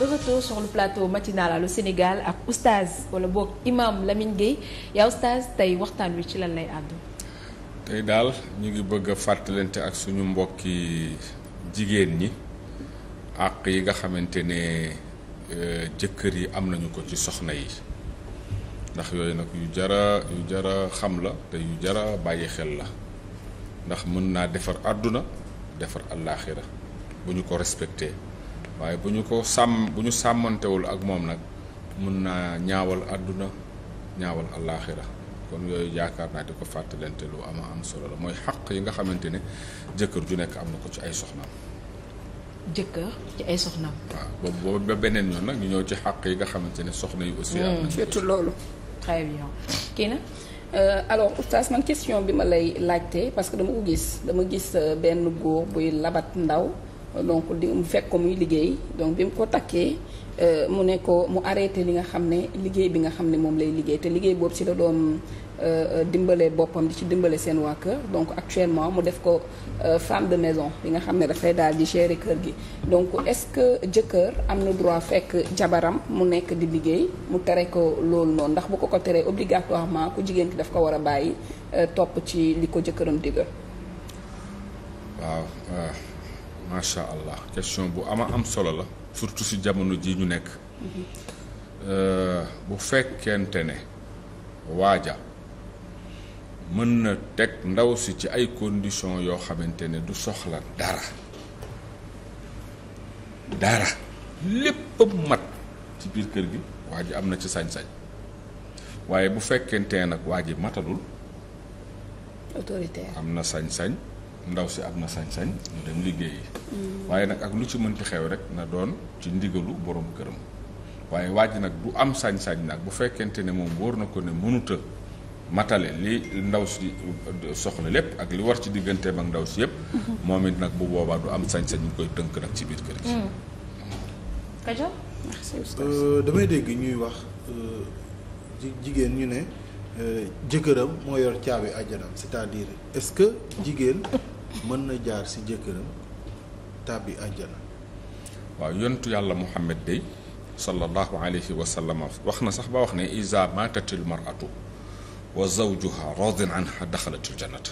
de retour sur le plateau matinal Allô Sénégal ak oustaz wala boog imam Lamine Gueye yaa oustaz tey waxtaan wi ci lan lay àddu. tey daal ñu ngi bëgg a fàttalante ak suñu mbokki jigéen ñi àq yi nga xamante ne euh, jëkkër yi am nañu ko ci soxna yi ndax yooyu nag yu jara yu jara xam la te yu jara bàyyi xel la ndax mën naa defar àdduna defar àllaaxira bu ñu ko respecté. waaye bu ñu ko sàmm bu ñu sàmmantewul ak moom nag mun naa ñaawal àdduna ñaawal àllaaxira kon yooyu yaakaar naa di ko fàttalante lu ama am solo la mooy xaq yi nga xamante ne jëkkër ju nekk am na ko ci ay soxnaam. jëkkër ci ay soxnaam. waaw boobu ba beneen yoon nag ñu ñëw ci xàq yi nga xamante ne soxna yu aussi am hmm, na surtout loolu. très bien kii na euh, alors oustaz man question bi ma lay laajte parce que dama ko gis dama gis euh, benn góor buy labat ndaw. donc di mu fekk ko muy liggéey donc bi mu ko takkee euh, mu ne ko mu arrêté li nga xam ne liggéey bi nga xam ne moom lay liggéey te liggéey boobu ci la doon euh, dimbale boppam di ci dimbale seen waa kër donc actuellement mu def ko euh, femme de maison bi nga xam ne dafay daal di gérer kër gi donc est-ce que jëkkër am na droit fekk jabaram mu nekk di liggéey mu tere ko loolu noonu ndax bu ko ko teree obligatoirement ku jigéen ki daf ko war a bàyyi topp ci li ko jëkkëram digal macha allah question bu am a am solo la surtout si jamono ji ñu nekk mhm. euh, bu fekkente ne waaja mën na teg ndaw si ci ay conditions yoo xamante ne du soxla dara dara lépp mat ci biir kër gi waa ji am na ci sañ-sañ waaye bu fekkente nag waa ji matalul autorité am na sañ-sañ ndaw si am na sañ-sañ mu dem liggéeyi. Mm. waaye nag ak lu ci mënti xew rek na doon ci ndigalu borom këram waaye waaj nag du am sañ-sañ nag bu fekkente ne moom wóor na ko ne mënuta matale li ndaw si soxla lépp ak li war ci digganteem ak ndaw si yëpp. Mm-hmm. moom it nag bu boobaa du am sañ-sañ ñu koy tënk nag ci biir kër gi. Mm. Kajo euh, damay dégg ñuy wax euh, jigéen ñu ne euh, jëkkëram moo yor caabi àjjanam c'est-à-dire est-ce que jigéen. mën na jaar ci jëkkëram tàbbi àjjana waaw yontu yàlla muhammad day sallallahu alayhi wa sallam wax na sax ba wax ne iza matatil mar'atu wa zawjuha radin anha daxalatil jannata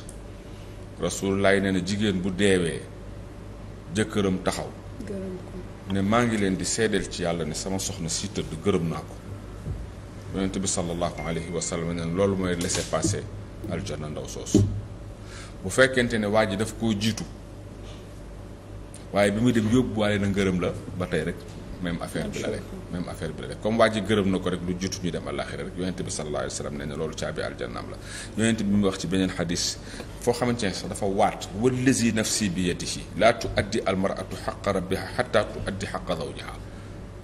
rasulullah nee na jigéen bu deewee jëkkëram taxaw ne maa ngi leen di seedeel ci yàlla ne sama soxna si du gërëm naa ko yonent bi sallallahu alayhi wa neen ne loolu mooy laisser passer aljanna ndaw soosu bu fekkente ne waa ji daf koo jiitu waaye bi muy dem yóbbuwaale na ngërëm la ba tey rek même affaire bi la rek même affaire bi la rek comme waa ji gërëm na ko rek lu jiitu ñu dem àllaaxira rek yonent bi sa alayhi wa sallam nee na loolu caabi aljannaam la yonent bi mu wax ci beneen xadis foo xamante dafa waat wallazi nafsi bi yadihi laa tuaddi almaratu xaqa rabbiha xatta tuaddi xaqa zawjiha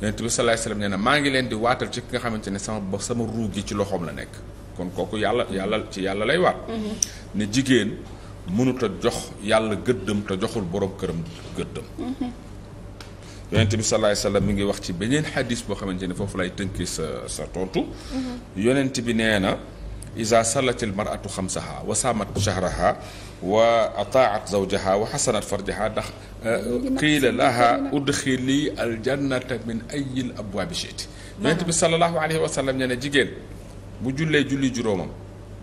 yonent bi sallallahu alayhi wa sallam nee na maa ngi leen di waatal ci ki nga xamante ne sama ba sama ruug gi ci la nekk kon kooku yàlla yàlla ci yàlla lay waat mm-hmm. ne jigéen mënuta jox yàlla gëddëm te joxul borom këram gëddëm. yonent bi salaay salaam mi ngi wax ci beneen xadis boo xamante ni foofu lay tënki sa sa tontu. Mm-hmm. yonent bi nee na. isa sallatil maratu xamsaha wa saamat shahraha wa ataat zawjaha wa xasanat farjaha ndax eh, qiila laha udxili aljannata min ayil abwaabi shi'ti yonent bi salallahu alayhi wa jigéen bu jullee julli juróomam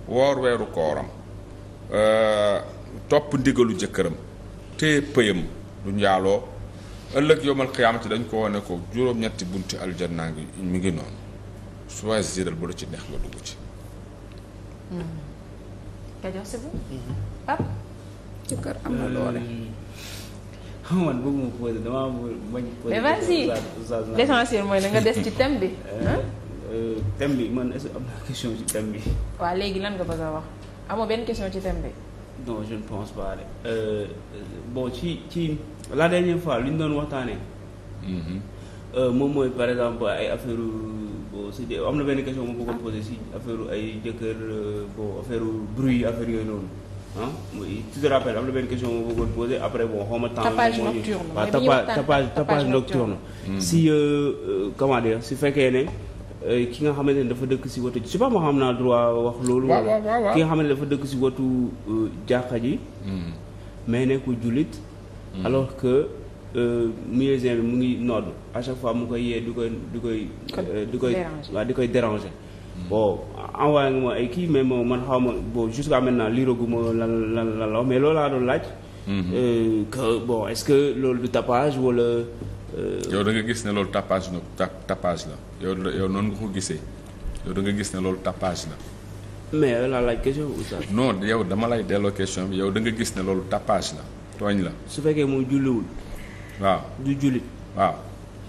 woor weeru kooram Euh, topp ndigalu jëkkëram te pëyam du njaaloo ëllëg yowmal xiyaamati dañ ko wane ko juróom-ñetti bunti aljanna ngi mi ngi noonu soit zidal bu ci neex nga dugg ci. Hmm. Mm-hmm. jëkkër am na doole. xam hmm. nga man bëgg mu posé damaa bañ. posé mooy na nga des ci thème bi. Euh, euh, thème bi man est ci thème bi. waaw léegi lan nga bëgg a wax. amoo benn question ci thème bi. non je ne pense pas de euh, bon ci ci la dernière fois li ñu doon waxtaanee. Mhm. Euh, moom mooy par exemple ay affaire bon si am na benn question ma bëggoon posé si affaire ay jëkkër euh, bon affaire bruit affaire yooyu noonu ah mooy tu te rappelles am na benn question ma bëggoon posé après bon xaw temps tapage nocturne si comment dire si fekkee ne. Euh, ki nga xamante ne dafa dëkk si watu je xam naa droit wax loolu. ki nga xamante ne dafa dëkk si watu euh, jàkka ji. Hmm. mais nekkul jullit. Hmm. alors que euh, muezzin bi mu ngi nodd à chaque fois mu koy yee du koy di koy. di koy waaw di koy déranger. Hmm. bon envoyé ay kii mais moom man xaw ma bon jusqu'à maintenant liiraguma lan lan lan la mais loolu laa doon laaj. que bon est loolu du tapage wala. Euh, yow da nga gis ne loolu tapage la tapage euh, la yow yow noonu nga ko gisee yow nga gis ne loolu tapage la. mais yow laa laaj question yow dama lay delloo question bi yow danga gis ne loolu tapage la tooñ la. su fekkee moom julliwul. waaw du jullit. waaw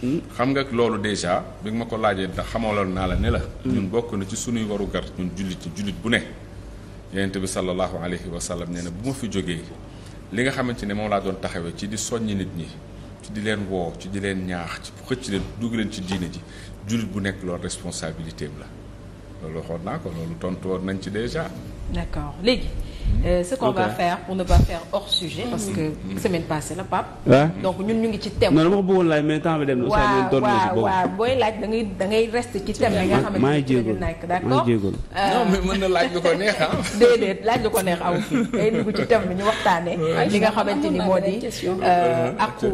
hmm? xam nga loolu déjà bi nga ma ko laajee ndax xamaloon naa la ne la. Hmm. ñun bokk na ci sunuy warugar ñun jullit ci jullit bu ne. yonent bi sallallahu alayhi wa sallam nee na bu ma fi jógee li nga xamante ne moom laa doon taxawee ci di soññ nit ñi. ci di leen woo ci di leen ñaax ci xëcc leen dugg leen ci diine ji jullit bu nekk loolu responsabilité am la loolu waxoon naa ko loolu tontu woon nañ ci déjà. d'accord léegi. Euh, ce qu'on okay. va faire pour ne parce que semaine passée la pap Ouais. donc ñun ñu ngi ci thème. non dama ko bëggoon laaj mais temps bi dem na. waaw waaw waaw booy laaj ngay da ngay rester ci thème bi nga xamante ne bii dina nekk d'accord. Euh, non mais mën na laaj lu ko ah. ko neex aw ci thème bi ñu waxtaanee. li nga xamante ni moo di euh, àqu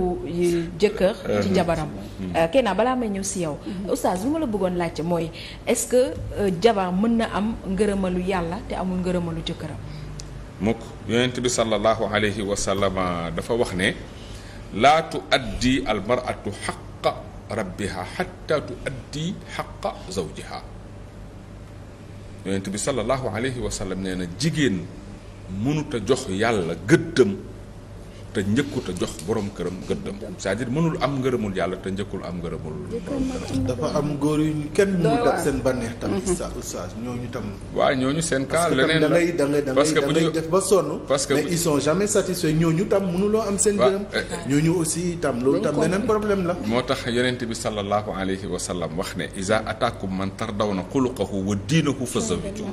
jëkkër ci jabaram. Euh, kenn balaa may ñëw si yow. Mm-hmm. oustaz lu ma la bëggoon laajte mooy est-ce que jabar mën na am ngërëmalu yàlla te amul ngërëmalu jëkkëram. mukk yonent bi sallallahu alayhi wa sallam dafa wax ne laa tu addi al maratu xaqa rabbiha xatta tu addi xaqa zawjiha yonent bi sallallahu alayhi wa nee na jigéen mënut jox yàlla gëddam te njëkkut a jox borom këram gëddam c'est-à-dire mënul am ngërëmul yàlla te njëkkul am ngërëmul borom këram dafa am góor yu kenn mënul dab seen bànneex tam mm-hmm. oustaz ñooñu tam waaw ñooñu seen cas leneen ba sonn parce que mais ils sont jamais satisfaits ñooñu tam mënuloo am seen gërëm ñooñu aussi tam loolu tam beneen problème la moo tax yonent bi sallallahu alayhi wa sallam wax ne iza ataakum man tardawna xuluqahu wa diinahu fazawiju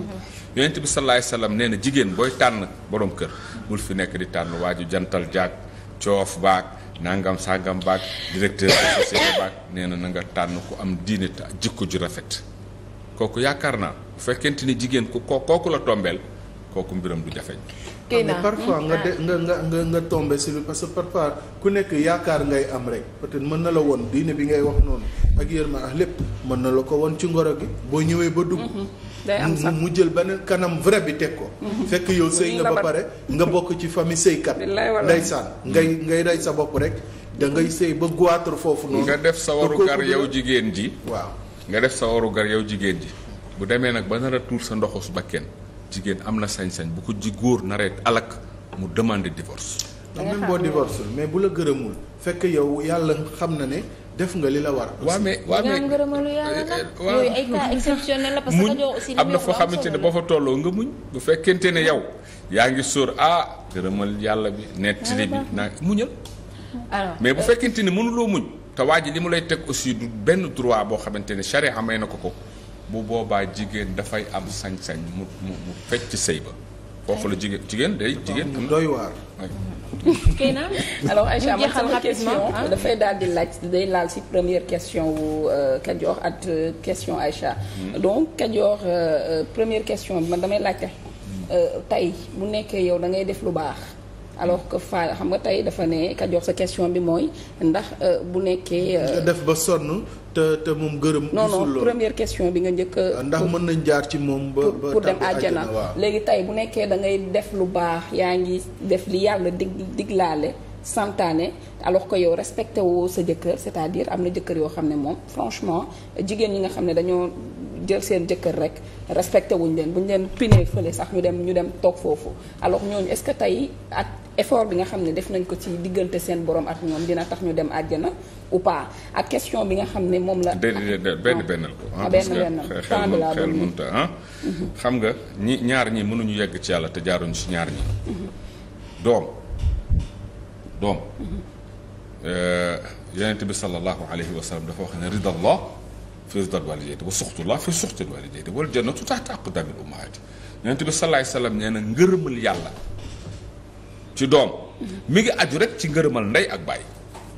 yonent bi sallallahu alayhi wa sallam nee na jigéen booy tànn borom kër bul fi nekk di tànn waaju jantal jaag coof baag nangam sàngam baag directeur de société baag nee na na nga tànn ku am diine te jikko ju rafet kooku yaakaar naa bu fekkente ni jigéen ku ko kooku la tombeel kooku mbiram du jafeñ mais hmm? nga ah. de nga nga nga nga tombé si lu parce que parfois ku nekk yaakaar ngay am rek peut-être mën na la woon diine bi ngay wax noonu ak yërma ak lépp mën na la ko woon ci ngoro gi boo ñëwee ba dugg mm-hmm. mu jël benn kanam vrai bi teg ko fekk yow sëy nga ba pare nga bokk ci famille sëykat ndeysaan ngay ngay rey sa bopp rek da ngay sëy ba goitre foofu noonu nga def sa waru gar yow jigéen ji waaw nga def sa waru gar yow jigéen ji bu demee nag ba nar a tuur sa ndoxus bakken jigéen am na sañ-sañ bu ko ji góor naree alak mu demande divorce même boo divorce mais bu la gërëmul fekk yow yàlla xam na ne def nga li la war. a mais mais yooyu ay cas exceptionnel muñ am na foo xamante ne boo fa tolloo nga muñ bu fekkente ne yow yaa ngi sóor ah gërëmal yàlla bi nettali bi naa muñal mais bu euh, fekkente ne mënuloo muñ te waa ji li mu lay teg aussi du benn droit boo xamante ni charia may na ko ko bu boobaa jigéen dafay am sañ-sañ mu mu mu fecc sëy ba foofu la jigéen jigéen day jigéen. doy waar. kay naam alors Aïcha ma sama question dafay daal di laaj day laal si première question wu euh, Kajoor at euh, question Aïcha. Hmm. donc Kajoor euh, première question bi man damay laajte. tey bu nekkee yow da ngay def lu baax. alors que fa xam nga tey dafa ne ka jox sa question bi mooy ndax euh, bu nekkee. Euh, def ba sonn te te moom gërëm. non première question bi nga njëkk euh, ndax mën nañ jaar ci moom. ba pour dem àjjana léegi tey bu nekkee da ngay def lu baax yaa ngi def li yàlla dig diglaale santaane alors que yow respecté woo sa jëkkër c'est-à-dire am na jëkkër yoo xam ne moom franchement jigéen ñi nga xam ne dañoo. jël seen jëkkër rek respecté wuñ leen buñ leen pine fële sax ñu dem ñu dem toog foofu effort bi nga xam ne def nañ ko ci diggante seen borom ak ñoom dina tax ñu dem àjjana ou pas ak question bi nga xam ni moom la. de benn ah. bennal ko. ah, ah benn bennal temps xel mënta ah. Mhm. xam nga ñi ñaar ñi mënuñu yegg ci yàlla te jaaruñu ci ñaar ñi. Mhm. doom doom. Mhm. Euh, yonent bi sallallahu alayhi wa sallam dafa wax ne ridallah fi ridal walidayni wa suxtullah fi suxtil walidayni wal jannatu taxta aqdamil ummahaati yonent bi sallallahu alayhi wa sallam nee na ngërëmal yàlla. ci doom mi ngi aju rek ci ngërëmal ndey ak baay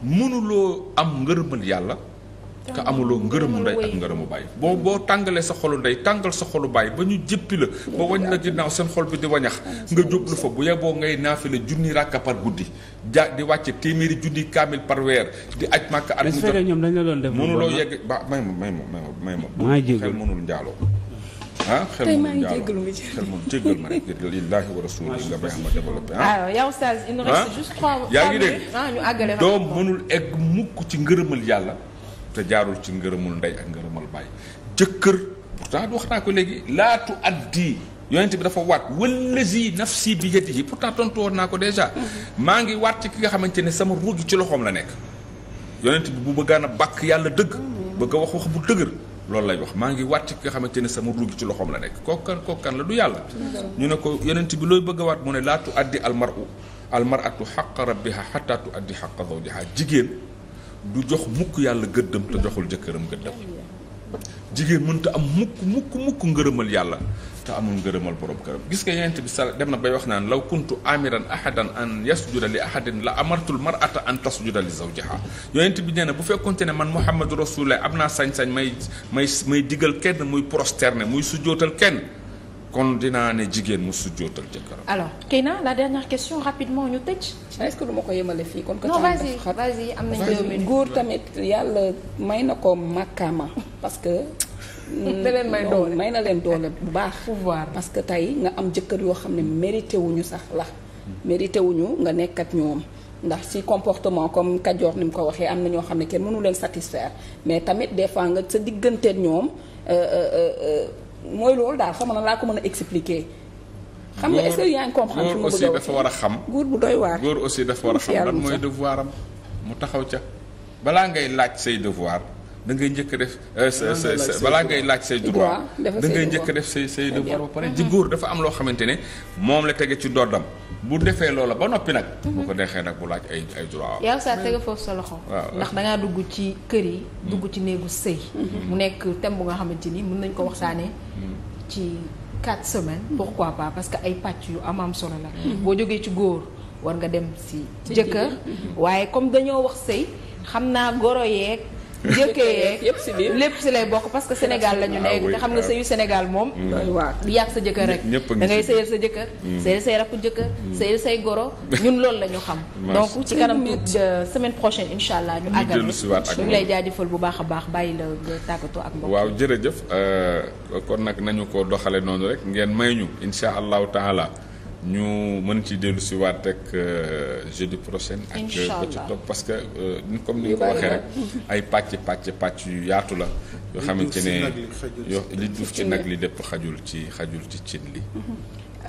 mënuloo am ngërëmal yàlla te amuloo ngërëmu ndey ak ngërëmu baay boo boo tàngalee sa xolu ndey tàngal sa xolu baay ba ñu jëppi la ba wañ la ginnaaw seen xol bi di wañax nga jublu fa bu yeboo ngay naafi la junni ràkka par guddi ja di wàcce téeméeri junni kaamil par weer di aj màkk at mu jot mënuloo yegg ba may ma may ma may ma may ma xel mënul njaaloo ah xel moom xel moom jéggal ma rek lillahi wa rasulihi nga may am a ah, yaa ngi dégg ah, ñu àggale doom mënul egg mukk ci ngërëmal yàlla te jaarul ci ngërëmul ndey ak ngërëmal baay jëkkër pourtant wax naa ko léegi laatu addi yonent bi dafa wat waat wallazi nafsi bi yadihi pourtant tontu woon naa ko déjà maa ngi waat ci ki nga xamante ne sama ruugi ci loxoom la nekk yonent bi bu bëggaan a bàkk yàlla dëgg bëgg a wax wax bu dëgër loolu lay wax maa ngi wàtt ki nga xamante ne sama ruugi ci loxoom la nekk kookan kookan la du yàlla ñu ne ko yonent bi looy bëgg a waat mu ne laa tu addi almaru almaratu xaqa rabbiha xata tu addi xaqa zawjiha jigéen du jox mukk yàlla gëddam te joxul jëkkëram gëddam jigéen mënta am mukk mukk mukk ngërëmal yàlla te amul ngërëmal borom këram gis nga yonent bi sal dem na bay wax naan law kuntu amiran ahadan an yasjuda li ahadin la amartul mar'ata an tasjuda li zawjiha yonent bi nee na bu fekkonte ne man Muhammadu Rasulullah am naa sañ-sañ may may may digal kenn muy prosterner muy sujjootal kenn kon dinaa ne jigéen mu sujjootal jëkkëram. alors Keina la dernière question rapidement ñu tëj. est que du ko yemale fii kon. non vas-y am nañu deux minutes góor tamit yàlla may na ko màkkaama parce que. da leen may doole may na leen doole bu baax. pouvoir parce que tey nga am jëkkër yoo xam ne mérité wuñu sax la. mérité wuñu nga nekkat ak ñoom. ndax si comportement comme Kajoor ni mu ko waxee am na ñoo xam ne kenn mënu leen satisfaire mais tamit des fois nga sa digganteeg ñoom. Euh, euh, euh, mooy loolu daal xam na laa ko mën a expliquer. xam nga est-ce que yaa ngi comprendre góor aussi dafa war a xam. góor bu doy waar góor aussi dafa war a xam lan mooy devoiram mu taxaw ca balaa ngay laaj say devoir da ngay njëkk def sa euh, sa balaa ngay laaj say droit da ngay njëkk def say say devoir ba pare mhm. góor dafa am loo xamante ne moom la tege ci doddam bu defee loola ba noppi nag mhm. bu ko dexee nag bu laaj ay ay droit saa tege foofu sa loxo ndax dangaa dugg ci kër yi mhm. dugg ci néegu sëy mu nekk thème bu nga xamante ni mun nañ ko waxtaanee ci quatre semaines pourquoi pas parce que ay pàcc yu am am solo la boo jógee ci góor war nga dem si jëkkër waaye comme dañoo wax sëy xam naa goro yeeg jëkkee yeeg yëpp si biir lépp si lay bokk parce que Sénégal la ñu nekk ah te xam nga ah. sëyu Sénégal moom mm. waaw di yàgg sa jëkkër rek da ngay sëyal sa jëkkër mm. sëyal say rakku jëkkër mm. sëyal say goro ñun loolu la ñu xam donc ci kanam euh, semaine prochaine incha allah ñu àggal ñu ngi lay jaajëfal bu baax a baax bàyyi la nga tàggatoo ak mbokk waaw jërëjëf euh, kon nag nañu ko doxale noonu rek ngeen may ñu incha allahu taala ñu mën ci dellu si waat rek euh, de prochain ak ba ci topp parce que euh, comme ni nga ko waxee ay pàcc pàcc pàcc yu yaatu la yoo xamante ne yoo li duuf ci nag li dépp xajul ci xajul ci cin li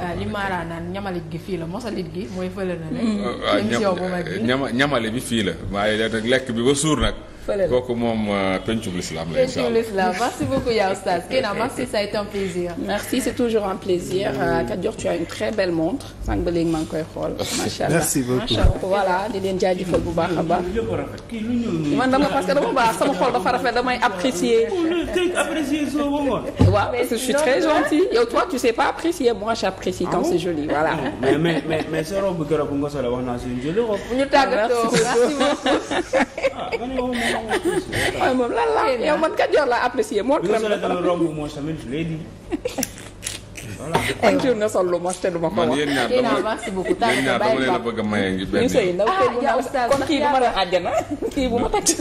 euh, li maaraan ñamalit gi fii la mosalit gi mooy fële na rek ah, ñamale fii la waaye rek lekk bi ba suur nag fële la kooku moom euh, pencum l'islam la pencum l'islam merci beaucoup yaa oustaz Kéna merci ça a été un plaisir. merci c'est toujours un plaisir. Euh, Kadior tu as une très belle montre. sànq ba léegi maa ngi koy xool macha allah merci beaucoup voilà di leen jaajëfal bu baax a baax. man dama parce que dama baax sama xol dafa rafet damay apprécier. truc apprécié soo bëggoon. waaw parce que je suis très gentil yow toi tu sais pas apprécier moi j'apprécie quand ah c'est joli voilà. mais mais mais mais sa robe keroog bu nga soxla wax naa si une jolie robe. bu ñu tàggatoo merci beaucoup. ah moom lan la yow man kat yor la apprécier moo. dina soxla dama romb mooy tamit je l'ai dit. voilà ay jur na sol lu mos te du ma ko wax. yéen ñaar dama leen a bëgg a maye ngi benn. ah yow Sadio kon kii bu ma la àjjana kii bu ma takk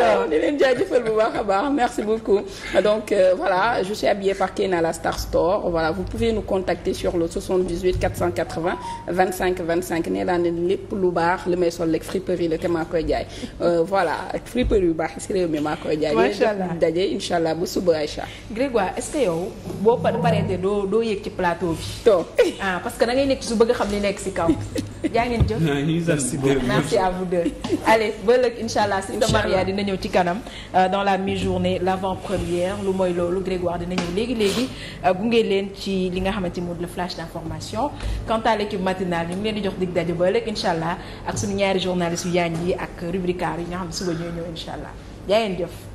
alors di leen jaajëfal bu baax a baax merci beaucoup donc euh, voilà je suis habillée par Ken à la Star Store voilà vous pouvez nous contacter sur le 78 480 25 25 nee naa ne lépp lu baax li may sol rek friperie la te maa koy jaay euh, voilà friperie yu baax si mi maa koy jaay. macha allah daje incha allah ba suba Aïcha. Grégoire est yow boo paree de doo doo yéeg ci plateau bi. toog ah parce que da ngay nekk su bëgg xam li nekk si kaw. jaa ngeen jëf. merci beaucoup merci à vous deux. allez ba ëllëg incha ñëw ci kanam euh, dans la mi-journée l'avant-première lu mooy loolu Grégoire dina ñëw léegi léegi euh, gunge leen ci li nga xamante moo di le flash d'information quant à l'équipe matinale ñu ngi leen di jox dig daje ba ëllëg incha allah ak suñu ñaari journalistes yu yaañ yi ak rubricaires yi nga xam ne suba ñooy ñëw allah yaa ngeen jëf